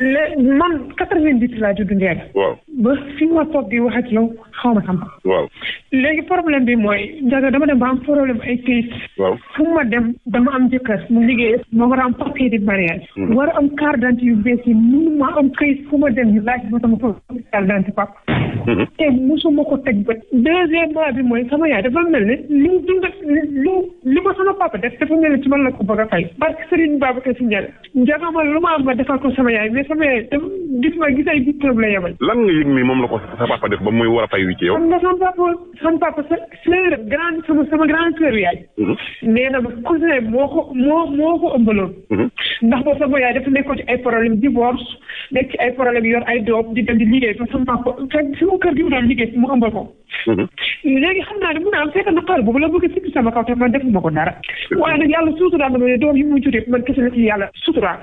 léegi man quatre-vingt-dix laa judd Ndiaye. ba fi ma toog di wax ak yow xaw ma xam. waaw léegi problème bi mooy. Ndiaga dama dem ba am problème ay kayit. waaw fu ma dem dama am jëkkër mu liggéey. ma war a am papier de mariage. Hmm. war a am carte d'identité yu bees yi mënu ma am kayit fu ma dem ñu laaj ma sama carte d'identité pap hmm. te musuma ko teg ba. deuxièmement bi mooy sama yaay dafa mel ne li li li sama papa def dafa mel ne ci man la ko bëgg a fay. barke Serigne Babacar Si Ndiaye. Ndiaga ma lu ma am ma defal ko sama sama gis ma gis ay diplôme la yebal. lan nga yëg ni moom la ko sa papa def ba muy war a fay wi ci yow. xam nga sama papa sama papa sa sœur grande sama sama grande sœur yaay. Mhm. nee na ma cousin moo ko moo moo ko ëmbaloon. Mhm. ndax ba sama yaay dafa nekkoon ci ay problème divorce nekk ci ay problème yor ay m di dem di liggéey ba sama papa fekk sama kër gi mu doon liggéey mu ëmbal ko. Mhm. léegi xam naa ne mun naa am fekk naqar boobu la bëgg a sikki sama kaw te man defuma ko dara. waaye nag yàlla suturaal na ma ne doom yi mu jur yëpp man kese la ci yàlla suturaal.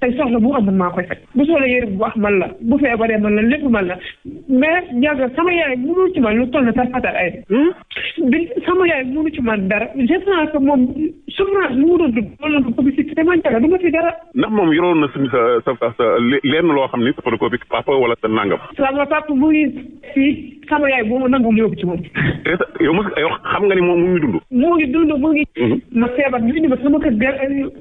tey soxla mu maa koy faj bu soxla yëre bu wax man la bu feebaree man la lépp man la mais yàgg sama yaay mënu ci man lu toll na sa fatal ay hmm? bi sama yaay mënu ci man dara je pense que chômage lu mu doon dugg loolu la publicité man jaga du ma ci dara. ndax moom yoroon na suñu sa sa sa lenn loo xam ni sa photocopie papa wala sa nangam. sama papa mu ngi fii sama yaay boobu nangu mu yóbbu ci moom. yow mos yow xam nga ni moom mu ngi dund. mu ngi dund mu ngi. Mhm. ma feebar ñu indi ma sama kër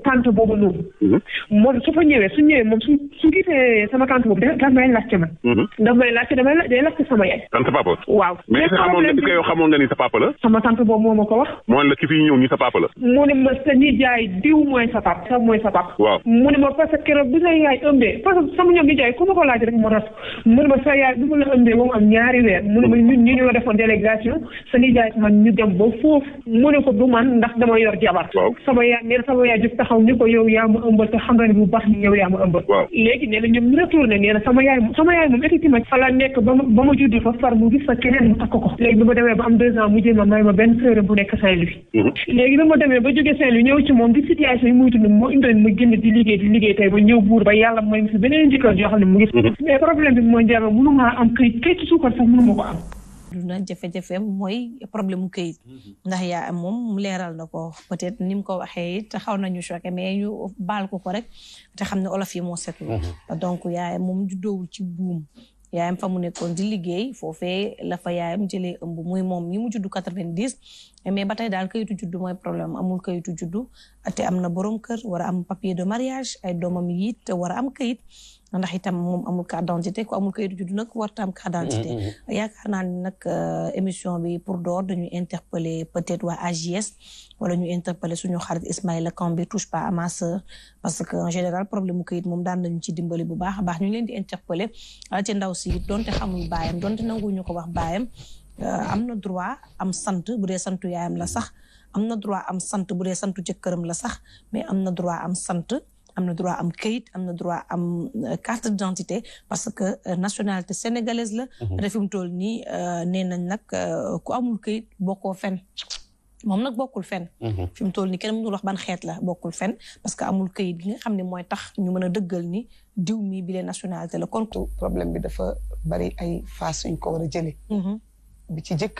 tante boobu noonu. Mhm. moom su fa ñëwee su ñëwee moom su su gisee sama tante boobu daf may laajte man. Mhm. daf may laajte damay day laajte sama yaay. tante papa. waaw mais xamoon nga yow xamoon nga ni sa papa la. sama tante boobu moo ma ko wax. moo la ki fi ñëw ni sa papa la. mu ne ma sa nijaay diw mooy sa pap sa mooy sa ma parce que keroog bu sa yaay ëmbee parce que sama ñoom nijaay ku ma ko laaj rek mu ras mu ne ma sa yaay bu ma la ëmbee ba mu am ñaari ma ñun ñu ñoo defoon ko du man ndax dama yor jabar sama yaay nee na sama yaay jóg ni ko yow yaa ma ëmbal te xam nga ne bu baax ni yow yaa ma ëmbal na ñoom ñu retourné sama yaay sama yaay moom effectivement fa la nekk ba ba ma judd fa far mu médecin lu ñëw ci moom di situation yi muy dund moo indoon mu génn di liggéey di liggéey tey ba ñëw buur ba yàlla mooy mu fi beneen jëkkër joo xam ne mu ngi mm-hmm. mais problème bi mooy jarba mënu maa am këyit këyitu suukar mooy problème mu këyit mm-hmm. ndax yaa moom mu leeral na ko peut-être ni mu ko waxee it xaw nañu choqué mais ñu baal ko ko rek te xam ne olof yi moo setul mm-hmm. donc yaay moom juddoowul ci buum yaayam fa mu nekkoon di liggéey foofee la fa yaayam jëlee ëmb muy moom ñi mu juddu quatre-vingt-dix Eh, mais ba tey daal kayitu juddu mooy problème amul kayitu juddu te am na borom kër war a am papier de mariage ay doomam yi te war a am kayit ndax itam moom amul carte d'identité ko amul kayitu juddu nag warta am carte d'identité mm-hmm, mm-hmm. yaakaar naa ni nag eh, émission bi pour door dañuy interpeller peut-être waa AJS wala ñu interpeller suñu xarit Ismaïla Kambé touche pas à ma sœur parce que en général problème kayit moom daan nañu ci dimbali bu baax a baax ñu leen di interpeller ah, ci ndaw si it doonte xamul baayam doonte nanguñu ko wax baayam Euh, am na droit am sant bu dee santu yaayam la sax am na droit am sant bu dee santu jëkkëram la sax mais am na droit am sant am na droit am kayit am na droit am euh, carte d'identité parce que euh, nationalité sénégalaise la mhm. refi mu toll nii nee nañ nag ku amul kayit bokko fen moom nag bokkul fen mhm. fi mu toll nii kenn mënul wax ban xeet la bokkul fen parce que amul kayit gi nga xam ne mooy tax ñu mën a dëggal ni diw mii bile nationalité la kon problème bi dafa bari ay faas yuñ ko war a bi ci jëkk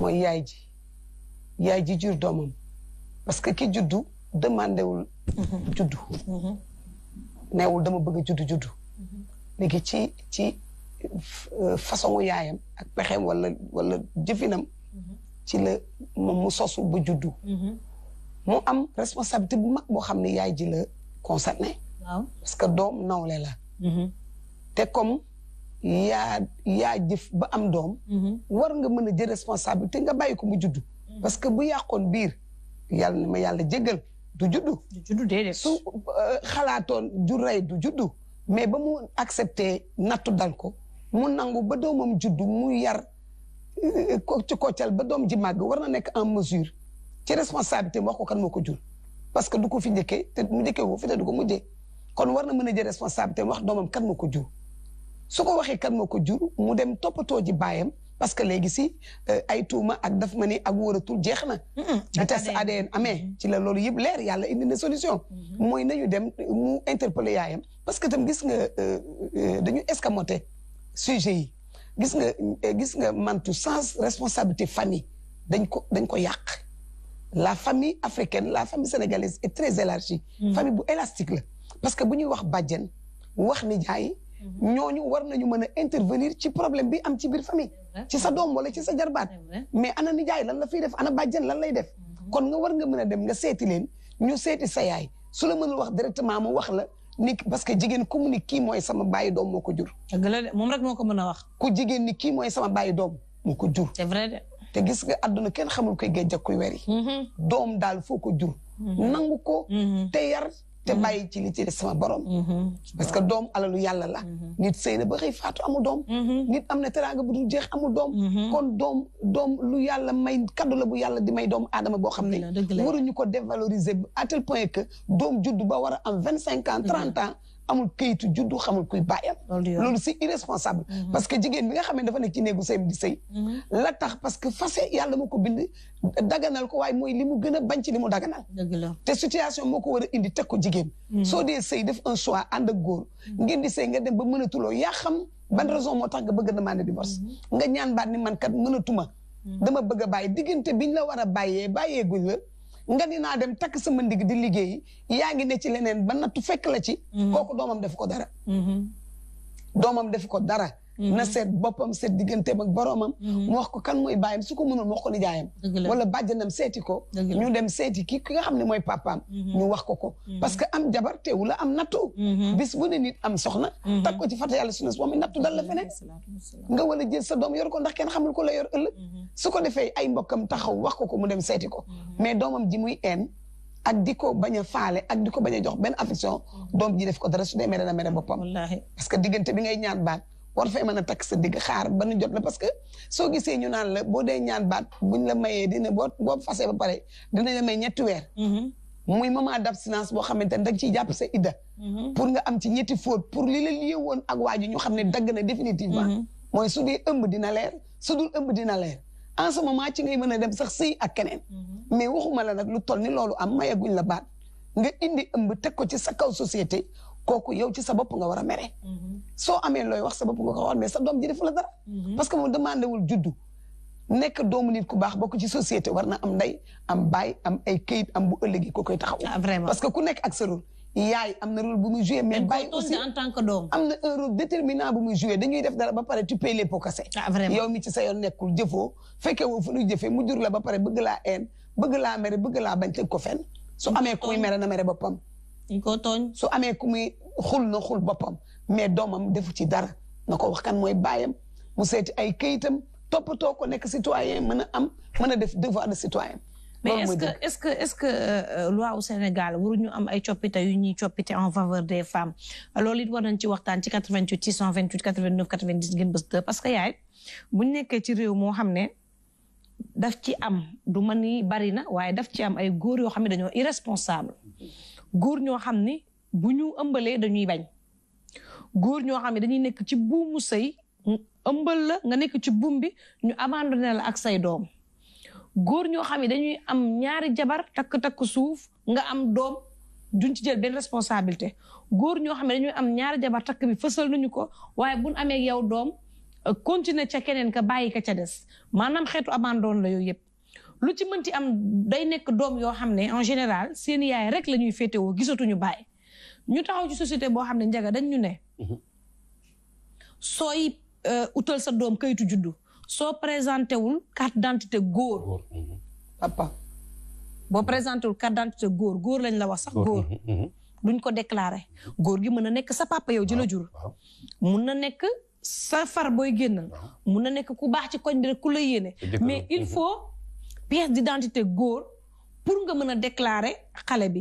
mooy yaay ji yaay ji jur doomam parce que ki juddu demandé wul. juddu. neewul dama bëgg a juddu juddu. léegi ci ci euh, façon yaayam ak pexeem walla wala jëfinam. ci la moom mu sosu ba juddu. mu am responsabilité bu mag boo xam ne yaay ji la concerné. parce que doom nawle la. Mhm. te comme yaa yaa jëf ba am doom. Mhm. war nga mën a jël responsabilité nga bàyyi ko mu juddu. Mhm. parce que bu yàqoon biir yàlla na ma yàlla jéggal du juddu. du juddu soo su euh, xalaatoon jur rey du juddu. mais ba mu accepté nattu dal ko mu nangu ba doomam juddu mu yar euh, ko ci koccal ba doom ji màgg war na nekk en mesure ci responsabilité wax ko kan moo ko jur. parce que du ko fi njëkkee te mu njëkkee ko fi te du ko kon war na mën a jël responsabilité wax doomam kan moo ko jur. su ko waxee kan moo ko jur mu dem toppatoo ji baayam parce que léegi si euh, ay tuuma ak daf ma ni ak wóoratul jeex na. bi test ADN amee. Mm-hmm. ci la loolu yëpp leer yàlla indi na solution. Mm-hmm. mooy nañu dem mu interpeller yaayam parce que tam gis nga euh, euh, dañu escamoter sujet yi gis nga gis nga mantu sans responsabilité famille dañ ko dañ ko yàq la famille africaine la famille sénégalaise est très élargie. Mm. famille bu élastique la parce que bu ñuy wax bàjjen wax jaay ñooñu war nañu mën a intervenir ci problème bi am ci biir famille. ci sa doom wala ci sa jarbaat. mais ana nijaay lan la fiy def ana bàjjen lan lay def. Mm-hmm. kon nga war nga mën a dem nga seeti leen ñu seeti sa yaay su la mënul wax directement mu wax la. ni parce que jigéen ku mu ni kii mooy sama bàyyi doom ko jur. dëgg la de moom rek moo ko mën a wax. ku jigéen ni kii doom moo ko jur. c'est vrai de. te gis nga àdduna kenn xamul koy géej ak mm-hmm. doom daal foo ko jur. Mm-hmm. nangu ko. te te mhm. bàyyi ci li ci sama borom. Mhm. parce que dom alalu yalla la. Mhm. nit seyna ba xey faatu amu dom nit am teranga teraanga bu dul jeex amu dom kon dom dom lu yalla may cadeau la bu yalla di may dom aadama boo xam ne. waruñu ko dévaloriser à tel point que dom juddu ba wara am 25 ans 30 ans. amul kayitu juddu xamul kuy bàyyam loolu c'est irresponsable mhm. parce que jigéen bi nga xam ne dafa nekk ci néegu sëy di sëy mhm. la tax parce que fase yàlla moo ko bind daganal ko waaye mooy li mu gën a bañ ci li mu daganal te situation moo ko war a indi teg ko jigéen mhm. soo dee sëy def un choix ànd ak góor ngeen di sëy nga dem ba mënatuloo yaa xam ban raison moo tax nga bëgg a demander divorce nga ñaan baat ni man kat mënatuma dama bëgg a bàyyi diggante biñ la war a bàyyee bàyyeeguñ la nga ni naa dem takk sama ndig di liggéey yaa ngi ne ci leneen ba nattu fekk la ci. Mm-hmm. kooku doomam def ko dara. Mm-hmm. doomam def ko dara. Mm-hmm. na seet boppam seet digganteem ak boroomam mm-hmm. mu wax ko kan mooy baayam su ko mënul mu wax ko nijaayam la bàjjanam seeti ko ñu dem seeti ki ki nga xam ne mooy papaam mm-hmm. ñu wax ko ko parce que am jabar teewu la am nattu bis bu ne nit am soxna tag ko ci fàtte yàlla sunna moom nattu dal la feneen nga wala jël sa ko ndax kenn xamul ko la yor su ko defee ay mbokkam taxaw wax ko ko mu dem seeti ko ko a faale ak di ko bañ a jox benn affection doom ji su dee mere boppam parce que diggante bi ngay ñaan baat war fee mën a takk sa digg xaar ba nu jot la parce que soo gisee ñu naan la boo dee ñaan baat buñ la mayee dina boo boo fasee ba pare dinañ la may ñetti weer. Mm-hmm. muy moment d'abstinence boo xamante ne da ciy jàpp sa idda. Mm-hmm. pour nga am ci ñetti fóot pour li la liye woon ak waa ji ñu xam ne dagg na définitivement. Mm-hmm. mooy su dee ëmb dina leer su dul ëmb dina leer en ce moment ci ngay mën a dem sax sëy ak keneen. mais waxuma la nag lu toll ni loolu am mayaguñ la baat nga indi ëmb teg ko ci sa kaw société. kooku yow ci sa bopp nga war a mere. soo amee looy wax sa bopp nga ko war sa doom ji defu dara. parce que mu demandé wul juddu. nekk doomu nit ku baax bokk ci société war na am ndey am baay am am bu ëllëgee ko koy taxaw. Ah, parce que ku nekk ak sa rôle. yaay am na rôle bu muy joué mais baay aussi en tant que doom am na un rôle déterminant bu muy joué dañuy def dara ba pare tu paye les pots cassés. Ah, mi ci sa yoon nekkul jëfoo fekkee woo fu ñuy la ba pare bëgg la een bëgg laa mere bëgg laa bañ teg ko fenn. su mm. dañ koo tooñ su amee ku muy xul na xul boppam mais doomam defu ci dara na ko wax kan mooy baayam mu seeti ay kayitam toppatoo ko nekk citoyen mën a am mën a def devoir de citoyen mais est-ce que est-ce que est-ce euh, que loi au Sénégal waruñu am ay coppite yu ñuy coppite en faveur des femmes loolu it war nañ ci waxtaan ci 88 628 89 90 ngeen bës deux parce que yaay buñ nekkee ci réew moo xam ne daf ci am du ma ni bari na waaye daf ci am ay góor yoo xam ne dañoo irresponsable góor ñoo xam ni bu ñu ëmbalee dañuy bañ góor ñoo xam ne dañuy nekk ci buumu sëy ëmbal la nga nekk ci buum bi ñu abandonné la ak say doom góor ñoo xam ne dañuy am ñaari jabar takk-takk suuf nga am doom duñ ci jël benn responsabilité góor ñoo xam ne dañuy am ñaari jabar takk bi fësal nañu ko waaye buñ amee yow doom continuer ca keneen ka bàyyi ka ca des maanaam xeetu abandon la yooyu yëpp lu ci mënti am day nekk doom yoo xam ne en général seen yaay rek la ñuy féetewoo gisatuñu baay ñu taxaw ci société boo xam ne njaga dañ ñu ne mhm. sooy euh, utal sa doom kayitu juddu soo présenté wul carte d'identité góor mhm. papa boo mhm. présenté wul carte d'identité góor góor lañ la wax sax góor duñ ko déclaré góor gi mën a nekk sa papa yow ji jur mun na nekk sa far booy génn mun na nekk ku baax ci koñ bi rek ku la mais il faut pièce d'identité gore pour nga mën déclarer xale bi